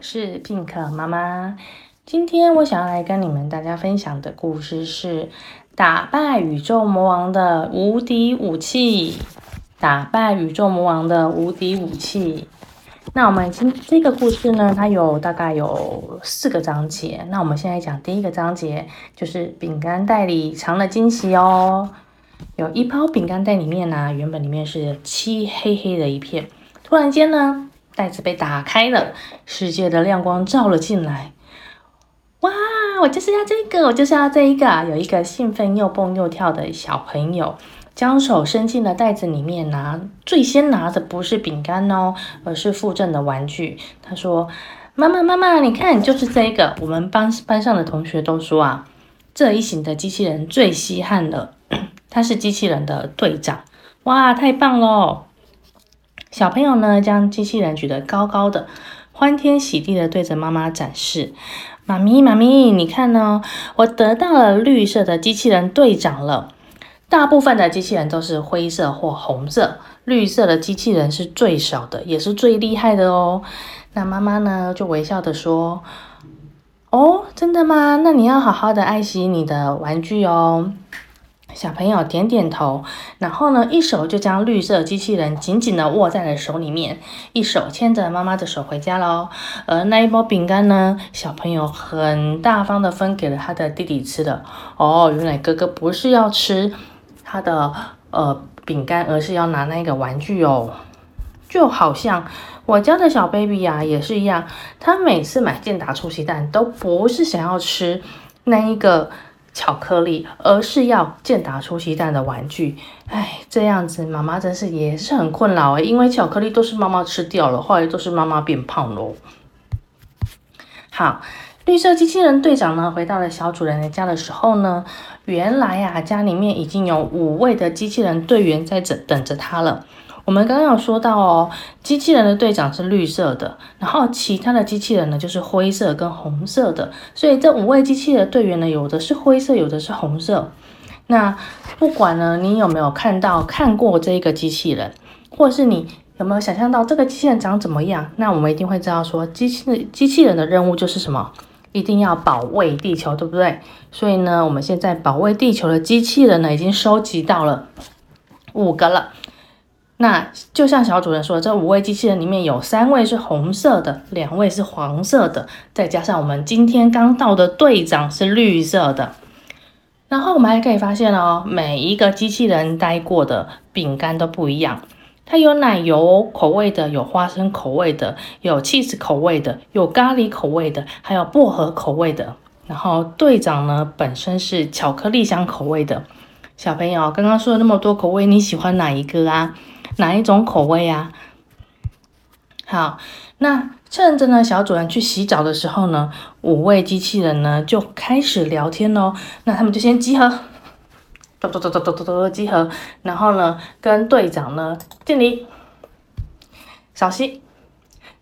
是 pink 媽媽，今天我想要來跟你們大家分享的故事是打敗宇宙魔王的無敵武器。打敗宇宙魔王的無敵武器。那我們今這個故事呢，它有大概有四個章節。那我們現在講第一個章節，就是餅乾袋裡藏了驚喜哦。有一包餅乾袋裡面呢、啊，原本裡面是漆黑黑的一片，突然間呢。袋子被打開了，世界的亮光照了進來。哇！我就是要這個，我就是要這一個。有一個興奮又蹦又跳的小朋友，將手伸進了袋子裡面拿，最先拿的不是餅乾哦，而是附贈的玩具。他說：“媽媽，媽媽，你看，就是這一個。”我們班班上的同學都說啊，這一型的機器人最稀罕了。 他是機器人的隊長。哇！太棒了。小朋友呢，將機器人舉得高高的，歡天喜地的對着媽媽展示：“媽咪，媽咪，你看哦，我得到了綠色的機器人隊長了。大部分的機器人都是灰色或紅色，綠色的機器人是最少的，也是最厲害的哦。”那媽媽呢，就微笑的說：“哦，真的嗎？那你要好好的愛惜你的玩具哦。”小朋友點點頭，然後呢，一手就將綠色機器人緊緊地握在了手裡面，一手牽着媽媽的手回家嘍。而那一包餅乾呢，小朋友很大方的分給了他的弟弟吃的。哦，原來哥哥不是要吃他的呃餅乾，而是要拿那個玩具哦。就好像我家的小 baby 呀，也是一樣，他每次買健達出奇蛋，都不是想要吃那一個。巧克力，而是要健達出奇蛋的玩具。哎，這樣子媽媽真是也是很困擾誒、欸，因為巧克力都是媽媽吃掉了，後來都是媽媽變胖嘍。好，綠色機器人隊長呢，回到了小主人家的時候呢，原來呀、啊，家裡面已經有五位的機器人隊員在這等着他了。我們剛剛有說到哦，機器人的隊長是綠色的，然後其他的機器人呢，就是灰色跟紅色的，所以這五位機器人的隊員呢，有的是灰色，有的是紅色。那不管呢，你有沒有看到看過這個機器人，或是你有沒有想象到這個機器人長怎麼樣？那我們一定會知道說，機器機器人的任務就是什麼，一定要保衛地球，對不對？所以呢，我們現在保衛地球的機器人呢，已經收集到了五個了。那就像小主人說，這五位機器人裡面有三位是紅色的，兩位是黃色的，再加上我們今天剛到的隊長是綠色的。然後我們還可以發現哦，每一個機器人待過的餅乾都不一樣，它有奶油口味的，有花生口味的，有 cheese 口味的，有咖喱口味的，還有薄荷口味的。然後隊長呢，本身是巧克力香口味的。小朋友剛剛說了那麼多口味，你喜歡哪一個啊？哪一種口味呀？好，那趁着呢，小主人去洗澡的時候呢，五位機器人呢就開始聊天嘍。那他們就先集合，噠噠噠噠噠噠噠集合，然後呢跟隊長呢敬禮，稍息。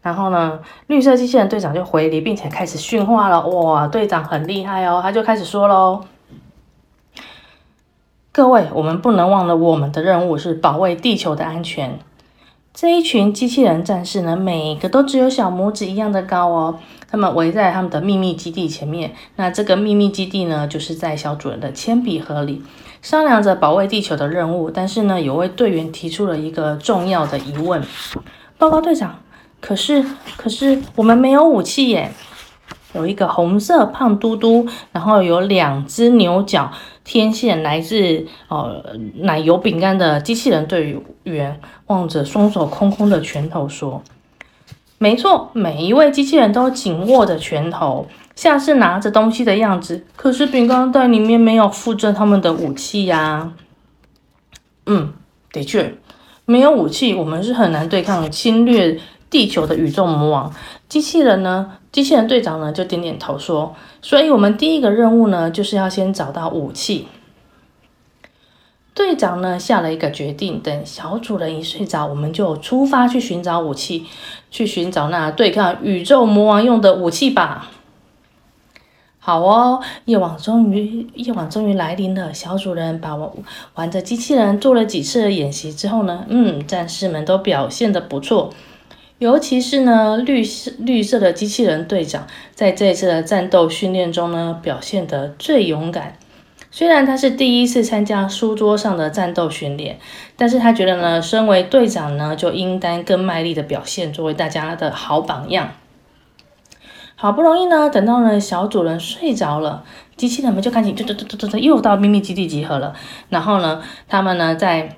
然後呢綠色機器人隊長就回禮，並且開始訓話了。哇，隊長很厲害哦，他就開始說嘍。各位，我們不能忘了我們的任務是保衛地球的安全。這一群機器人戰士呢，每個都只有小拇指一樣的高哦。他們圍在他們的秘密基地前面。那這個秘密基地呢，就是在小主人的鉛筆盒裡，商量着保衛地球的任務。但是呢，有位隊員提出了一個重要的疑問：報告隊長，可是，可是我們沒有武器耶。有一個紅色胖嘟嘟，然後有兩隻牛角。天線來自哦、呃，奶油餅乾的機器人隊員望着雙手空空的拳頭說：“沒錯，每一位機器人都緊握着拳頭，像是拿着東西的樣子。可是餅乾袋裡面沒有附贈他們的武器呀、啊。”“嗯，的確，沒有武器，我們是很難對抗侵略。”地球的宇宙魔王機器人呢？機器人隊長呢？就點點頭說：“所以我們第一個任務呢，就是要先找到武器。”隊長呢下了一個決定：等小主人一睡着，我們就出發去尋找武器，去尋找那對抗宇宙魔王用的武器吧。好哦，夜晚終於夜晚終於來臨了。小主人把玩着機器人做了幾次演習之後呢，嗯，戰士們都表現得不錯。尤其是呢，綠色綠色的機器人隊長在這次的戰鬥訓練中呢，表現得最勇敢。雖然他是第一次參加書桌上的戰鬥訓練，但是他覺得呢，身為隊長呢，就應當更賣力的表現，作為大家的好榜樣。好不容易呢，等到呢小主人睡着了，機器人們就趕緊嘟嘟嘟嘟嘟嘟又到秘密基地集合了。然後呢，他們呢在。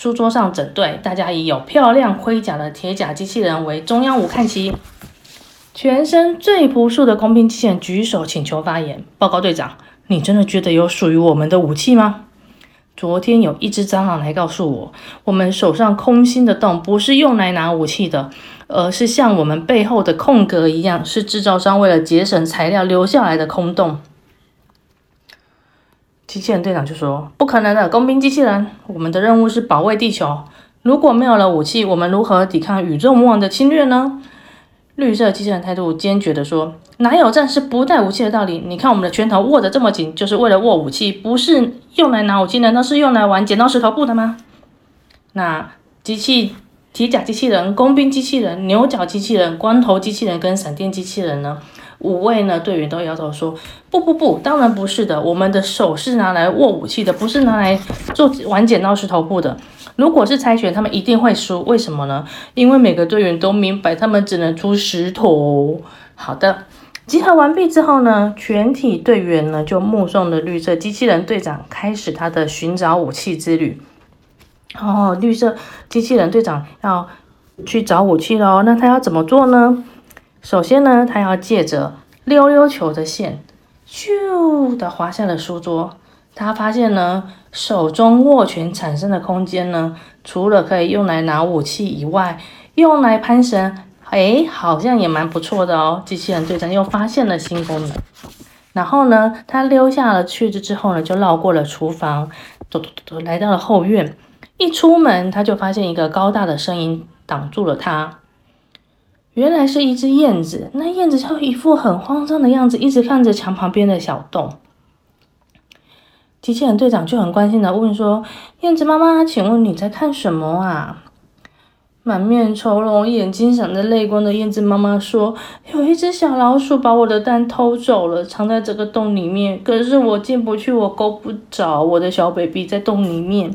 書桌上整隊，大家以有漂亮盔甲的鐵甲機器人為中央五看齊。全身最樸素的工兵機器人舉手請求發言。報告隊長，你真的覺得有屬於我們的武器嗎？昨天有一只蟑螂來告訴我，我們手上空心的洞不是用來拿武器的，而是像我們背後的空格一樣，是制造商為了節省材料留下來的空洞。機器人隊長就說：“不可能的，工兵機器人，我們的任務是保衛地球。如果沒有了武器，我們如何抵抗宇宙魔王的侵略呢？”綠色機器人態度堅決地說：“哪有戰士不帶武器的道理？你看我們的拳頭握得這麼緊，就是為了握武器，不是用來拿武器，難道是用來玩剪刀石頭布的嗎？”那機器。鐵甲機器人、工兵機器人、牛角機器人、光頭機器人跟閃電機器人呢？五位呢隊員都搖頭說：“不不不，當然不是的。我們的手是拿來握武器的，不是拿來做玩剪刀石頭布的。如果是猜拳，他們一定會輸。為什麼呢？因為每個隊員都明白，他們只能出石頭。”好的，集合完畢之後呢，全體隊員呢就目送着綠色機器人隊長開始他的尋找武器之旅。哦，綠色機器人隊長要去找武器嘍，哦。那他要怎麼做呢？首先呢，他要借着溜溜球的線，咻的滑下了書桌。他發現呢，手中握拳產生的空間呢，除了可以用來拿武器以外，用來攀繩，誒、哎，好像也蠻不錯的哦。機器人隊長又發現了新功能。然後呢，他溜下了去之之後呢，就繞過了廚房，走走走，來到了後院。一出門，他就發現一個高大的身影擋住了他。原來是一隻燕子，那燕子像一副很慌張的樣子，一直看着牆旁邊的小洞。機器人隊長就很關心的問說：“燕子媽媽，請問你在看什麼啊？”滿面愁容、眼睛閃着淚光的燕子媽媽說：“有一隻小老鼠把我的蛋偷走了，藏在這個洞裡面。可是我進不去，我夠不着我的小 baby 在洞裡面。”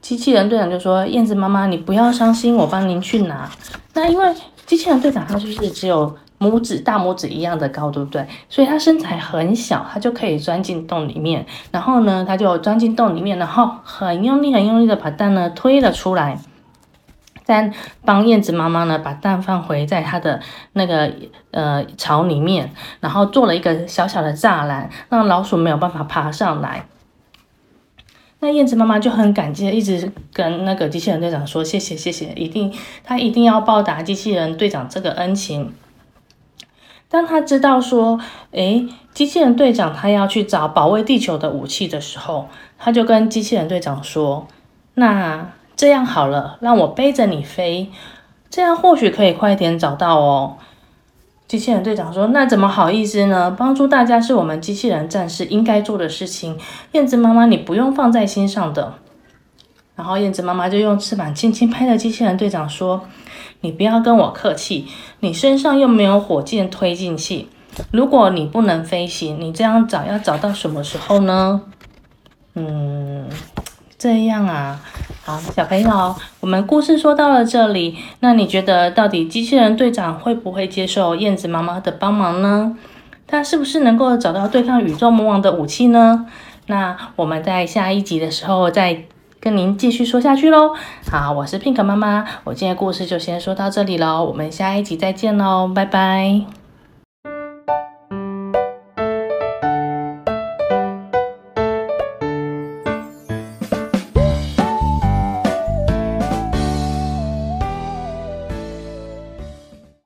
機器人隊長就說：“燕子媽媽，你不要傷心，我幫您去拿。那因為機器人隊長他就是只有拇指、大拇指一樣的高，對不對？所以他身材很小，他就可以鑽進洞裡面。然後呢，他就鑽進洞裡面，然後很用力、很用力的把蛋呢推了出來，再幫燕子媽媽呢把蛋放回在它的那個呃巢裡面，然後做了一個小小的柵欄，讓老鼠沒有辦法爬上來。”那燕子媽媽就很感激的，一直跟那個機器人隊長說：“謝謝，謝謝，一定，他一定要報答機器人隊長這個恩情。”當他知道說：“誒，機器人隊長他要去找保衛地球的武器的時候，他就跟機器人隊長說：‘那這樣好了，讓我背着你飛，這樣或許可以快點找到哦。’”機器人隊長說：“那怎麼好意思呢？幫助大家是我們機器人戰士應該做的事情。燕子媽媽，你不用放在心上的。”然後燕子媽媽就用翅膀輕輕拍着機器人隊長說：“你不要跟我客氣，你身上又沒有火箭推進器。如果你不能飛行，你這樣找要找到什麼時候呢？”嗯，這樣啊。好，小朋友，我們故事說到了這裡，那你覺得到底機器人隊長會不會接受燕子媽媽的幫忙呢？他是不是能夠找到對抗宇宙魔王的武器呢？那我們在下一集的時候再跟您繼續說下去嘍。好，我是 pink 媽媽，我今天的故事就先說到這裡嘍，我們下一集再見嘍，拜拜。